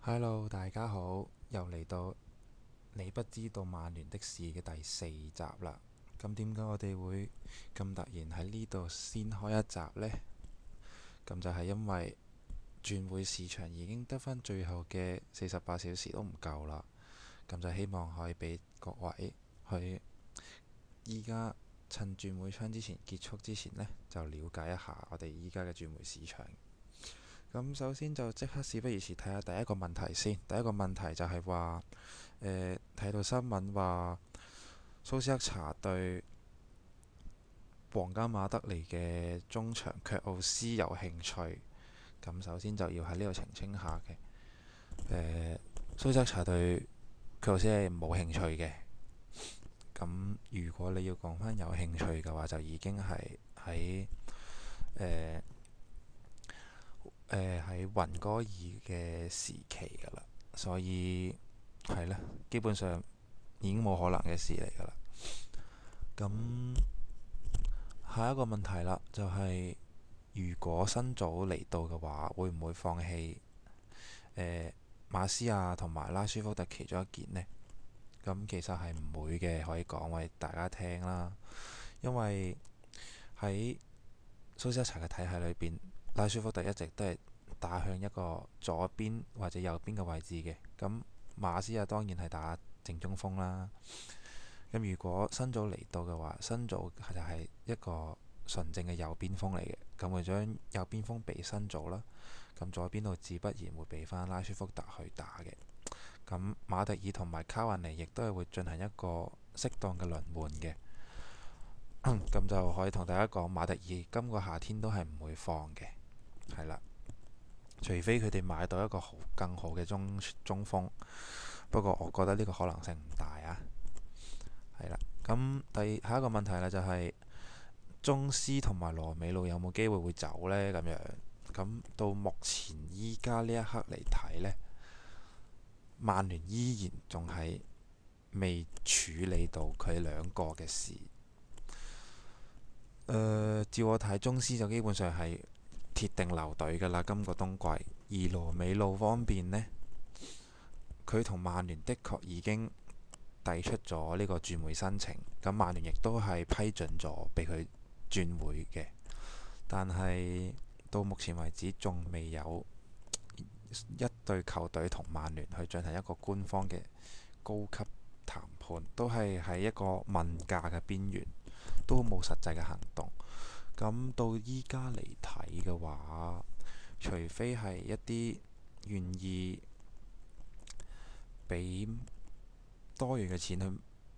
Hello，大家好，又嚟到你不知道曼聯的事嘅第四集啦。咁點解我哋會咁突然喺呢度先開一集呢？咁就係因為轉會市場已經得返最後嘅四十八小時都唔夠啦。咁就希望可以俾各位去依家趁轉會窗之前結束之前呢，就了解一下我哋依家嘅轉會市場。咁首先就即刻事不宜遲睇下第一個問題先。第一個問題就係話，誒、呃、睇到新聞話蘇斯克查對皇家馬德里嘅中場卻奧斯有興趣。咁首先就要喺呢度澄清下嘅。誒、呃，蘇斯克查對卻奧斯係冇興趣嘅。咁如果你要講翻有興趣嘅話，就已經係喺誒。呃誒喺雲哥爾嘅時期㗎啦，所以係啦，基本上已經冇可能嘅事嚟㗎啦。咁下一個問題啦，就係、是、如果新組嚟到嘅話，會唔會放棄誒、呃、馬斯亞同埋拉舒福特其中一件呢？咁其實係唔會嘅，可以講為大家聽啦，因為喺蘇斯柴嘅體系裏邊，拉舒福特一直都係。打向一個左邊或者右邊嘅位置嘅，咁馬斯啊當然係打正中鋒啦。咁如果新組嚟到嘅話，新組就係一個純正嘅右邊鋒嚟嘅，咁會將右邊鋒俾新組啦。咁左邊度自不然會俾返拉舒福特去打嘅。咁馬特爾同埋卡瓦尼亦都係會進行一個適當嘅輪換嘅。咁 就可以同大家講，馬特爾今個夏天都係唔會放嘅，係啦。除非佢哋買到一個好更好嘅中中鋒，不過我覺得呢個可能性唔大啊。係啦，咁第下一個問題呢、就係，就係中斯同埋羅美路有冇機會會走呢？咁樣咁到目前依家呢一刻嚟睇呢，曼聯依然仲係未處理到佢兩個嘅事。誒、呃，照我睇，中斯就基本上係。鐵定留隊噶啦，今個冬季。而羅美路方面呢，佢同曼聯的確已經遞出咗呢個轉會申請，咁曼聯亦都係批准咗俾佢轉會嘅。但係到目前為止，仲未有一隊球隊同曼聯去進行一個官方嘅高級談判，都係喺一個問價嘅邊緣，都冇實際嘅行動。咁到依家嚟睇嘅話，除非係一啲願意俾多餘嘅錢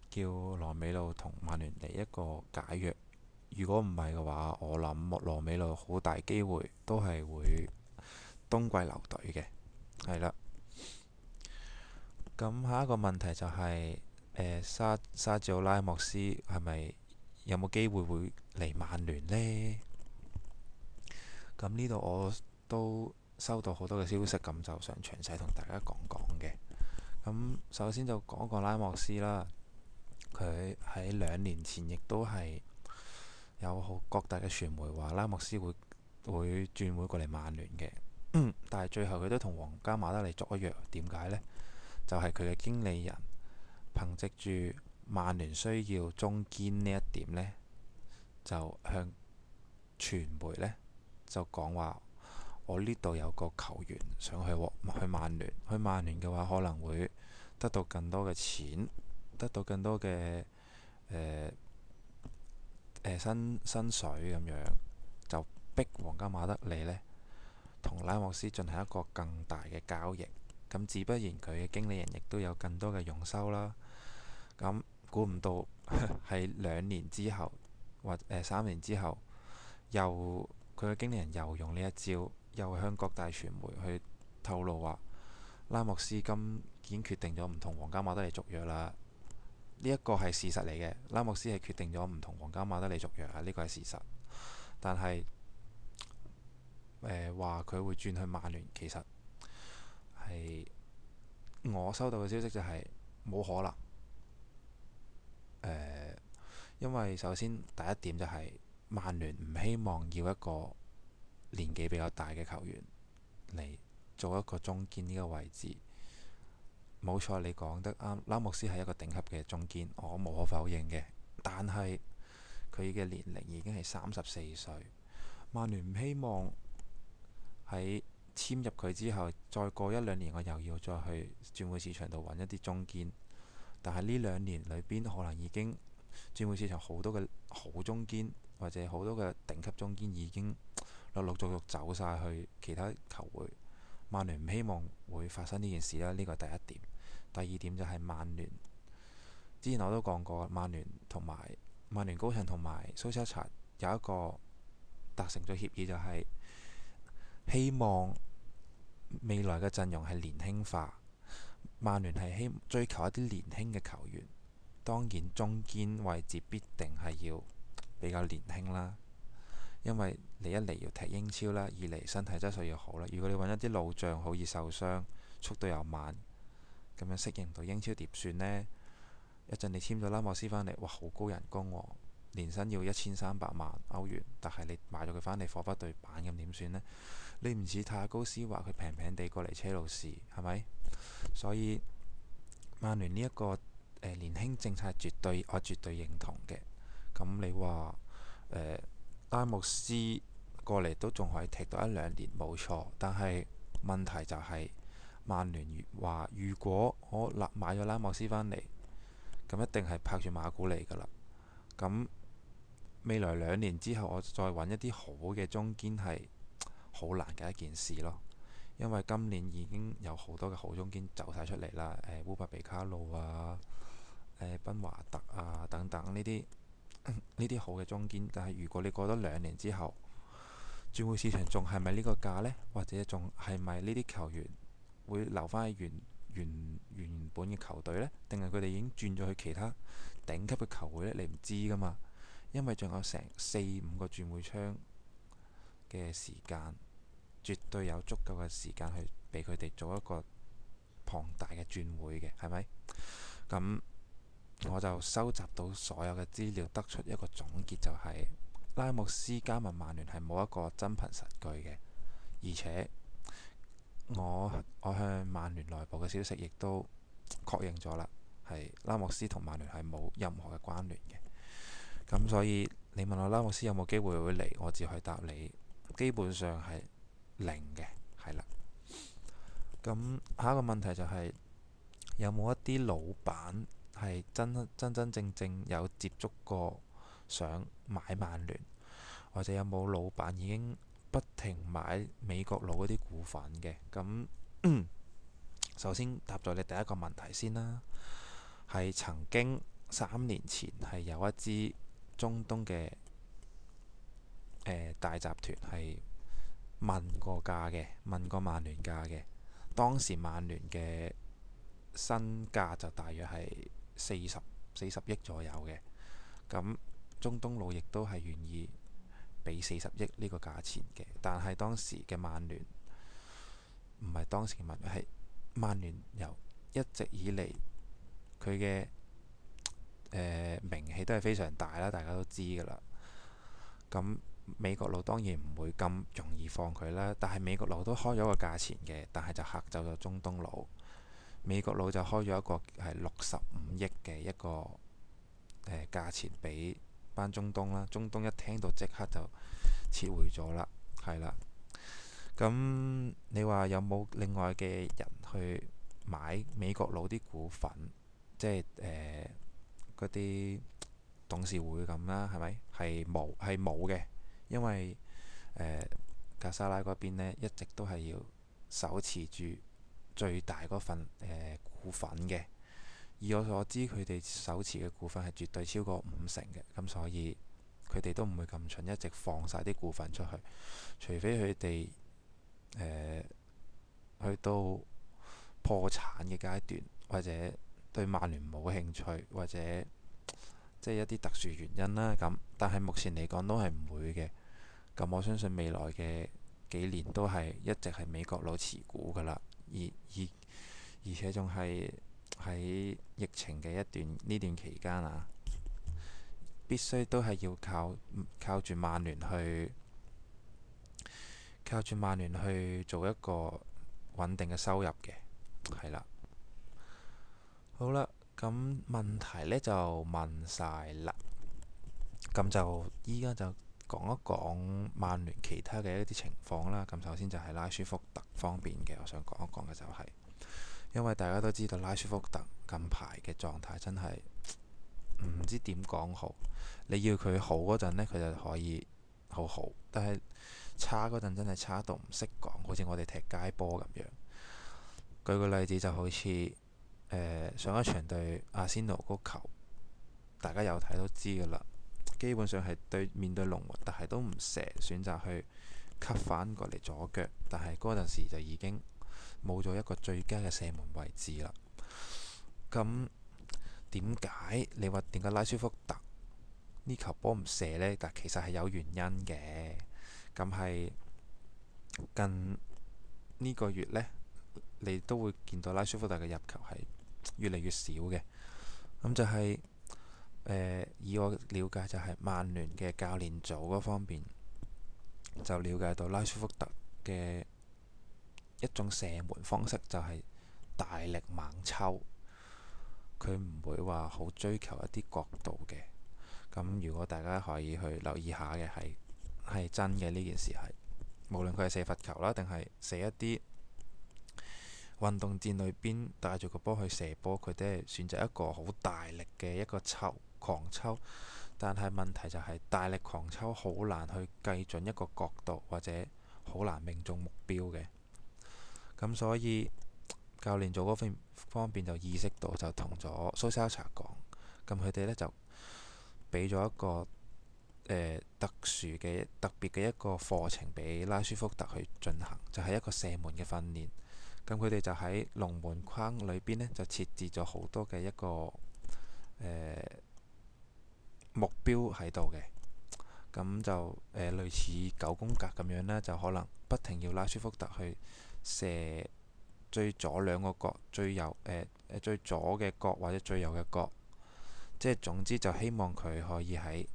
去叫羅美路同曼聯嚟一個解約。如果唔係嘅話，我諗羅美路好大機會都係會冬季留隊嘅。係啦。咁下一個問題就係、是、誒、欸、沙沙祖拉莫斯係咪，是有冇機會會嚟曼聯呢？咁呢度我都收到好多嘅消息，咁就想詳細同大家講講嘅。咁首先就講個拉莫斯啦，佢喺兩年前亦都係有好各大嘅傳媒話拉莫斯會會轉會過嚟曼聯嘅， 但係最後佢都同皇家馬德里續咗約，點解呢？就係佢嘅經理人憑藉住。曼聯需要中堅呢一點呢，就向傳媒呢，就講話，我呢度有個球員想去去曼聯，去曼聯嘅話可能會得到更多嘅錢，得到更多嘅誒誒薪薪水咁樣，就逼皇家馬德里呢，同拉莫斯進行一個更大嘅交易，咁自不然佢嘅經理人亦都有更多嘅用收啦，咁。估唔到係 兩年之後或誒、呃、三年之後，又佢嘅經理人又用呢一招，又向各大傳媒去透露話，拉莫斯今已經決定咗唔同皇家馬德里續約啦。呢一個係事實嚟嘅，拉莫斯係決定咗唔同皇家馬德里續約啊！呢個係事實，但係誒話佢會轉去曼聯，其實係我收到嘅消息就係、是、冇可能。誒、呃，因為首先第一點就係、是、曼聯唔希望要一個年紀比較大嘅球員嚟做一個中堅呢個位置。冇錯，你講得啱，拉莫斯係一個頂級嘅中堅，我無可否認嘅。但係佢嘅年齡已經係三十四歲，曼聯唔希望喺簽入佢之後，再過一兩年我又要再去轉會市場度揾一啲中堅。但係呢兩年裏邊可能已經轉會市場好多嘅好中堅，或者好多嘅頂級中堅已經陸陸續續走晒去其他球會，曼聯唔希望會發生呢件事啦，呢個第一點。第二點就係曼聯之前我都講過，曼聯同埋曼聯高層同埋蘇斯查有一個達成咗協議，就係希望未來嘅陣容係年輕化。曼聯係希追求一啲年輕嘅球員，當然中堅位置必定係要比較年輕啦。因為你一嚟要踢英超啦，二嚟身體質素要好啦。如果你揾一啲老將，好易受傷，速度又慢，咁樣適應唔到英超點算呢？一陣你簽咗拉莫斯翻嚟，哇，好高人工喎，年薪要一千三百萬歐元，但係你買咗佢返嚟，貨不對板咁點算呢？你唔似泰高斯，話佢平平地過嚟車路士，係咪？所以曼聯呢一個誒、呃、年輕政策，絕對我絕對認同嘅。咁你話誒、呃、拉莫斯過嚟都仲可以踢到一兩年，冇錯。但係問題就係、是、曼聯話，如果我立買咗拉莫斯返嚟，咁一定係拍住馬古嚟㗎啦。咁未來兩年之後，我再揾一啲好嘅中堅係，好難嘅一件事咯，因為今年已經有好多嘅好中堅走晒出嚟啦，誒、烏柏比卡路啊、誒、呃、賓華特啊等等呢啲呢啲好嘅中堅，但係如果你過咗兩年之後，轉會市場仲係咪呢個價呢？或者仲係咪呢啲球員會留翻喺原原原本嘅球隊呢？定係佢哋已經轉咗去其他頂級嘅球會呢？你唔知噶嘛，因為仲有成四五個轉會窗嘅時間。絕對有足夠嘅時間去俾佢哋做一個龐大嘅轉會嘅，係咪？咁我就收集到所有嘅資料，得出一個總結就係拉莫斯加盟曼聯係冇一個真憑實據嘅，而且我我向曼聯內部嘅消息亦都確認咗啦，係拉莫斯同曼聯係冇任何嘅關聯嘅。咁所以你問我拉莫斯有冇機會會嚟，我只可以答你，基本上係。零嘅，係啦。咁下一個問題就係有冇一啲老闆係真真真正正有接觸過想買曼聯，或者有冇老闆已經不停買美國佬嗰啲股份嘅？咁首先答咗你第一個問題先啦，係曾經三年前係有一支中東嘅、呃、大集團係。問過價嘅，問過曼聯價嘅，當時曼聯嘅身價就大約係四十四十億左右嘅，咁中東佬亦都係願意俾四十億呢個價錢嘅，但係當時嘅曼聯，唔係當時嘅曼聯，係曼聯由一直以嚟，佢嘅誒名氣都係非常大啦，大家都知㗎啦，咁。美國佬當然唔會咁容易放佢啦，但係美國佬都開咗個價錢嘅，但係就嚇走咗中東佬。美國佬就開咗一個係六十五億嘅一個誒、呃、價錢俾翻中東啦。中東一聽到即刻就撤回咗啦，係啦，嗯。咁你話有冇另外嘅人去買美國佬啲股份？即係誒嗰啲董事會咁啦，係咪？係冇係冇嘅。因為誒、呃、格薩拉嗰邊咧一直都係要手持住最大嗰份誒、呃、股份嘅，以我所知佢哋手持嘅股份係絕對超過五成嘅，咁所以佢哋都唔會咁蠢，一直放晒啲股份出去，除非佢哋誒去到破產嘅階段，或者對曼聯冇興趣，或者即係、就是、一啲特殊原因啦。咁但係目前嚟講都係唔會嘅。咁我相信未來嘅幾年都係一直係美國佬持股㗎喇，而而而且仲係喺疫情嘅一段呢段期間啊，必須都係要靠靠住曼聯去，靠住曼聯去做一個穩定嘅收入嘅，係喇。好喇，咁問題呢就問晒喇，咁就依家就。講一講曼聯其他嘅一啲情況啦。咁首先就係拉舒福特方面嘅，我想講一講嘅就係、是，因為大家都知道拉舒福特近排嘅狀態真係唔知點講好。你要佢好嗰陣呢，佢就可以好好，但係差嗰陣真係差到唔識講，好似我哋踢街波咁樣。舉個例子就好似、呃、上一場對阿仙奴嗰球，大家有睇都知㗎啦。基本上係對面對龍門，但係都唔射，選擇去吸返過嚟左腳，但係嗰陣時就已經冇咗一個最佳嘅射門位置啦。咁點解？你話點解拉舒福特呢球波唔射呢？但其實係有原因嘅。咁係近呢個月呢，你都會見到拉舒福特嘅入球係越嚟越少嘅。咁就係、是。以我了解就係曼聯嘅教練組嗰方面，就了解到拉舒福特嘅一種射門方式就係大力猛抽，佢唔會話好追求一啲角度嘅。咁如果大家可以去留意下嘅係係真嘅呢件事係，無論佢係射罰球啦，定係射一啲運動戰裏邊帶住個波去射波，佢都係選擇一個好大力嘅一個抽。狂抽，但係問題就係大力狂抽好難去計準一個角度，或者好難命中目標嘅。咁所以教練組嗰方面就意識到就，就同咗蘇沙查講，咁佢哋咧就俾咗一個誒、呃、特殊嘅特別嘅一個課程俾拉舒福特去進行，就係、是、一個射門嘅訓練。咁佢哋就喺龍門框裏邊咧，就設置咗好多嘅一個誒。呃目標喺度嘅，咁就誒、呃、類似九宮格咁樣啦，就可能不停要拉舒福特去射最左兩個角、最右誒誒、呃、最左嘅角或者最右嘅角，即係總之就希望佢可以喺誒、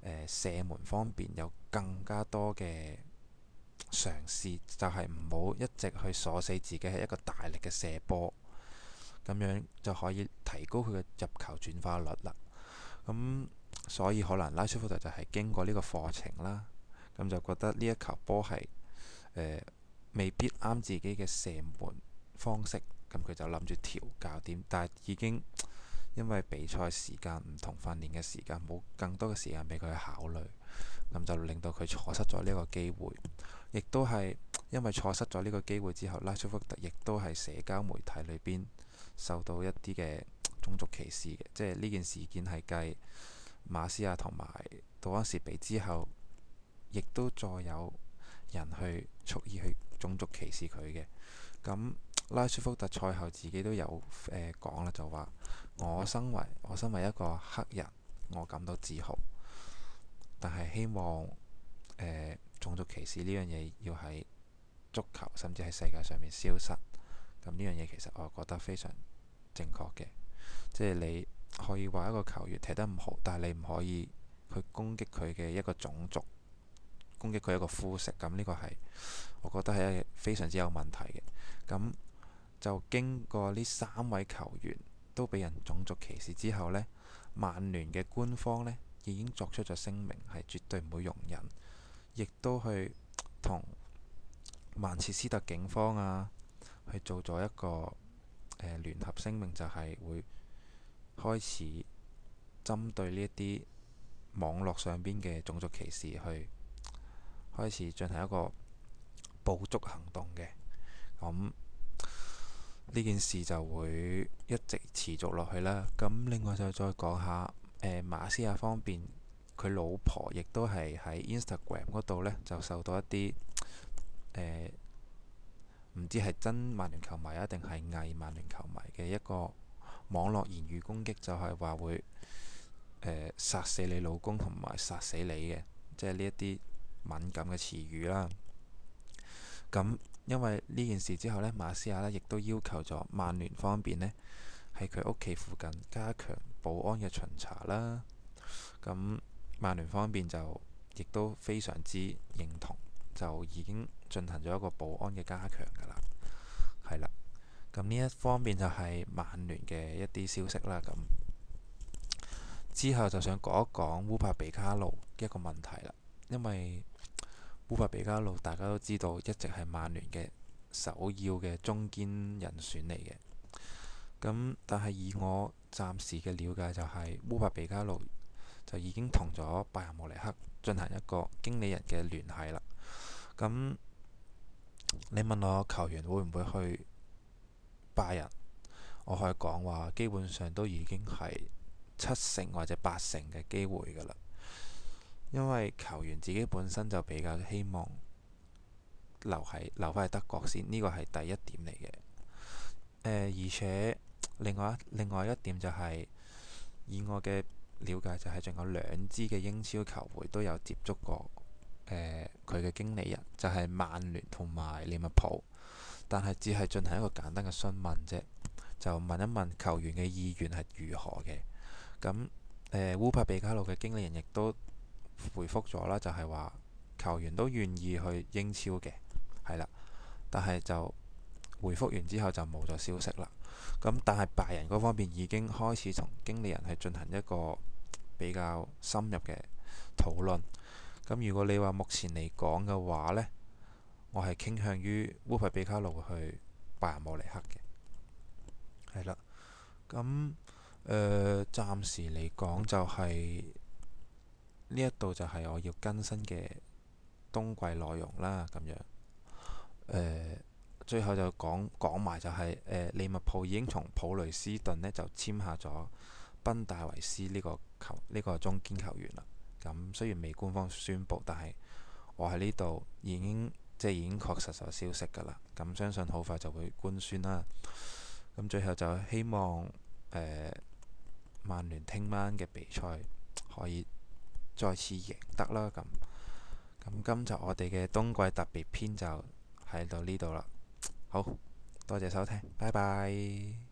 呃、射門方面有更加多嘅嘗試，就係唔好一直去鎖死自己係一個大力嘅射波，咁樣就可以提高佢嘅入球轉化率啦。咁所以可能拉舒福特就係經過呢個課程啦，咁就覺得呢一球波係誒未必啱自己嘅射門方式，咁佢就諗住調教點，但係已經因為比賽時間唔同，訓練嘅時間冇更多嘅時間俾佢去考慮，咁就令到佢錯失咗呢個機會，亦都係因為錯失咗呢個機會之後拉舒福特亦都係社交媒體裏邊受到一啲嘅種族歧視嘅，即係呢件事件係計。馬斯亞同埋杜安士比之後，亦都再有人去蓄意去種族歧視佢嘅。咁拉舒福特賽後自己都有誒講啦，就、呃、話我身為我身為一個黑人，我感到自豪。但係希望誒、呃、種族歧視呢樣嘢要喺足球甚至喺世界上面消失。咁呢樣嘢其實我覺得非常正確嘅，即係你，可以話一個球員踢得唔好，但係你唔可以去攻擊佢嘅一個種族，攻擊佢一個膚色，咁呢個係我覺得係非常之有問題嘅。咁就經過呢三位球員都俾人種族歧視之後咧，曼聯嘅官方咧已經作出咗聲明，係絕對唔會容忍，亦都去同曼徹斯特警方啊去做咗一個、呃、聯合聲明，就係、是、會。開始針對呢一啲網絡上邊嘅種族歧視去開始進行一個捕捉行動嘅。咁呢件事就會一直持續落去啦。咁另外就再講下，誒、呃、馬斯亞方邊佢老婆亦都係喺 Instagram 度咧，就受到一啲誒唔知係真曼聯球迷啊，定係偽曼聯球迷嘅一個。網絡言語攻擊就係話會，誒、呃、殺死你老公同埋殺死你嘅，即係呢一啲敏感嘅詞語啦。咁因為呢件事之後呢，馬斯亞呢亦都要求咗曼聯方面呢，喺佢屋企附近加強保安嘅巡查啦。咁曼聯方面就亦都非常之認同，就已經進行咗一個保安嘅加強㗎啦。係啦。咁呢一方面就係曼聯嘅一啲消息啦。咁之後就想講一講烏柏比卡路嘅一個問題啦，因為烏柏比卡路大家都知道一直係曼聯嘅首要嘅中堅人選嚟嘅。咁但係以我暫時嘅了解，就是，就係烏柏比卡路就已經同咗拜仁慕尼黑進行一個經理人嘅聯繫啦。咁你問我球員會唔會去？拜仁，我可以講話，基本上都已經係七成或者八成嘅機會㗎喇，因為球員自己本身就比較希望留喺留翻喺德國先，呢個係第一點嚟嘅。呃，而且另外一另外一點就係，以我嘅了解就係仲有兩支嘅英超球會都有接觸過，呃，佢嘅經理人，就係曼聯同埋利物浦。但係只係進行一個簡單嘅詢問啫，就問一問球員嘅意願係如何嘅。咁誒、呃、烏柏比卡路嘅經理人亦都回覆咗啦，就係、是、話球員都願意去英超嘅，係啦。但係就回覆完之後就冇咗消息啦。咁但係拜仁嗰方面已經開始同經理人係進行一個比較深入嘅討論。咁如果你話目前嚟講嘅話呢。我係傾向於烏匹比卡路去拜仁慕尼黑嘅，係啦。咁、呃、誒，暫時嚟講就係呢一度就係我要更新嘅冬季內容啦。咁樣誒、呃，最後就講講埋就係、是、誒、呃、利物浦已經從普雷斯頓呢就簽下咗賓戴維斯呢個球呢、這個中堅球員啦。咁雖然未官方宣布，但係我喺呢度已經。即係已經確實有消息㗎啦，咁相信好快就會官宣啦。咁最後就希望誒、呃、曼聯聽晚嘅比賽可以再次贏得啦。咁咁今集我哋嘅冬季特別篇就喺到呢度啦。好多謝收聽，拜拜。